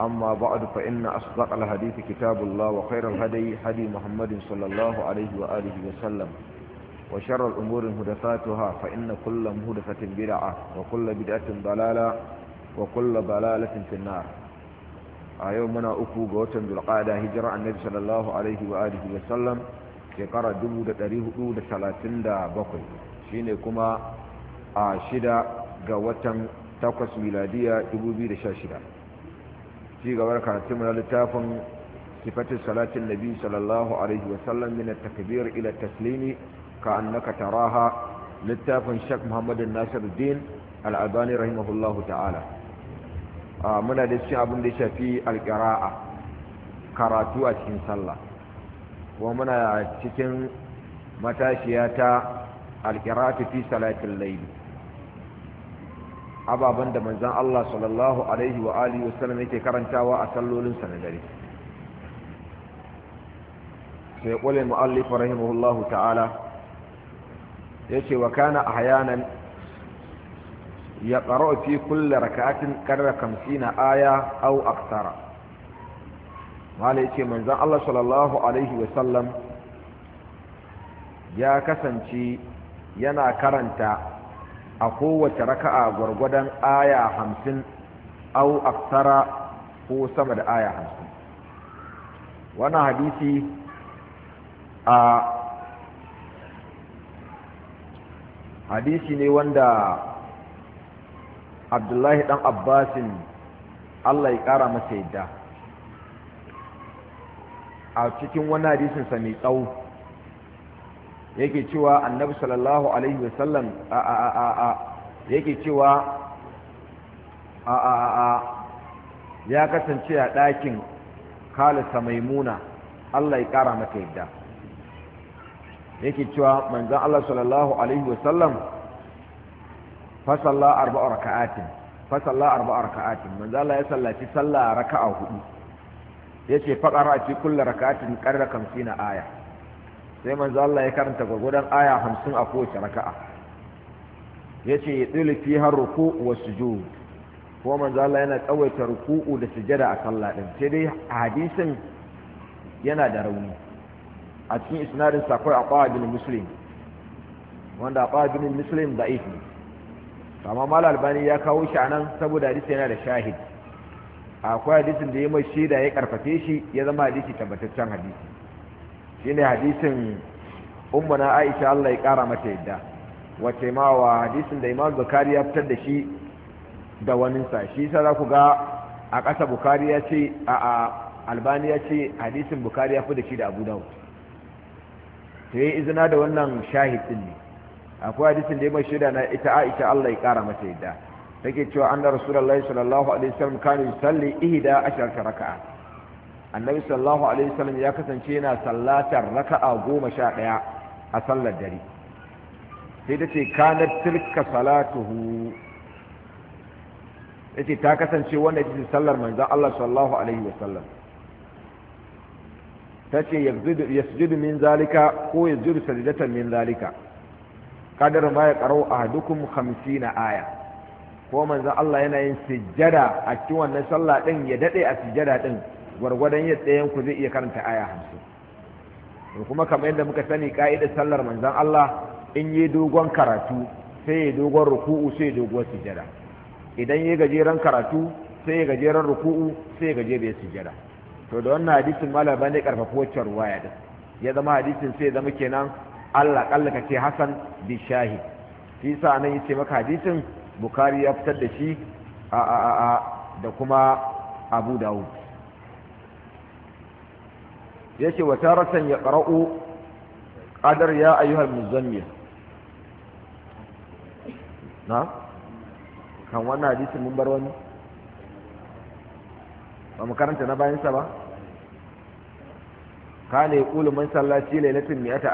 أما بعد فإن أصدق الحديث كتاب الله وخير الهدي هدي محمد صلى الله عليه وآله وسلم وشر الأمور مهدفاتها فإن كل مهدفة بدعة وكل بدعة ضلالة وكل ضلالة في النار أيومنا أكو قوتا بالقادة هجرة النبي صلى الله عليه وآله وسلم شكرا دبو دتريه دو دسلاتين دا بقل شيني كما آشدا قوتا تقص ميلادية دبو بيد شاشدا ci gabar karatun na littafin sifatin salatin nabi sallallahu alaihi wasallam min takbir ila taslimi ka annaka taraha littafin shak muhammadin nasiruddin al'abani rahimahullahu ta'ala muna da cikin abin da ya shafi alƙira'a karatu a cikin sallah kuma muna cikin matashiya ta alƙira'atu fi salatin laili ababen da manzan Allah sallallahu alaihi wa alihi wasallam yake karantawa a sallolin sa na dare sai qulil muallif rahimahullahu ta'ala yace wa kana ahyanan yaqra'u fi kulli rak'atin qarra 50 aya aw akthara malai ce manzan Allah sallallahu alaihi wa sallam ya kasance yana karanta a kowace raka'a gwargwadon aya hamsin au aksara ko sama da aya hamsin wannan hadisi a hadisi ne wanda abdullahi dan abbasin allah ya kara masa yadda a cikin wani hadisinsa mai tsawo yake cewa annabi sallallahu alaihi wasallam a a a a yake cewa a a a ya kasance a ɗakin kalisa maimuna Allah ya ƙara maka yadda yake cewa manzan Allah sallallahu alaihi wasallam fasalla arba'a raka'atin fasalla arba'a raka'atin manzan Allah ya sallaci sallah raka'a hudu yace faqara fi kulli raka'atin qarra 50 aya sai manzo Allah ya karanta gwagwadon aya hamsin a kowace raka'a ya ce fi har ruku wa sujud ko manzo Allah yana tsawaita ruku'u da sujada a sallah din sai dai hadisin yana da rauni a cikin isnadin sakwai a qawabin muslim wanda a qawabin muslim da ifi amma mal albani ya kawo shi anan saboda hadisi yana da shahid akwai hadisin da ya mai shaida ya karfafe shi ya zama hadisi tabbataccen hadisi shine hadisin ummuna aisha Allah ya kara mata yadda wace ma wa hadisin da imam Bukhari ya fitar da shi da waninsa shi sa za ku ga a ƙasa bukari ya ce a albani ya ce hadisin bukari ya fi da shi da abu dawud ta yi izina da wannan shahid din ne akwai hadisin da ya mai shaida na ita aisha Allah ya kara mata yadda take cewa anna rasulullahi sallallahu alaihi wasallam kana yusalli ihda asharata raka'a annabi sallallahu alaihi wasallam ya kasance yana sallatar raka'a goma sha ɗaya a sallar dare sai ta ce kanar tilka salatuhu ya ce ta kasance wanda ya ce sallar manzan Allah sallallahu alaihi wasallam ta ce ya sujudu min zalika ko ya sujudu sajidatan min zalika kadar ma ya karo a dukkan hadukum na aya ko manzan Allah yana yin sujjada a cikin wannan sallah din ya daɗe a sujjada din gwargwadon yadda ɗayan ku zai iya karanta aya hamsin to kuma kamar yadda muka sani ka'idar sallar manzon Allah in yi dogon karatu sai ya dogon ruku'u sai ya dogon sujada idan ya gajeren karatu sai ya gajeren ruku'u sai ya gaje bai sujada to da wannan hadisin malam bane karfafa wacce ruwaya din ya zama hadisin sai zama kenan Allah kalla ka ce Hassan bi shahi shi yasa nan yace maka hadisin Bukhari ya fitar da shi a a a da kuma Abu Dawud yake wa taratan qara'u qadar ya ayyuhal muzammil na kan wannan hadisi mun bar wani ba mu karanta na bayan sa ba kana yaqulu man sallati laylatan mi'ata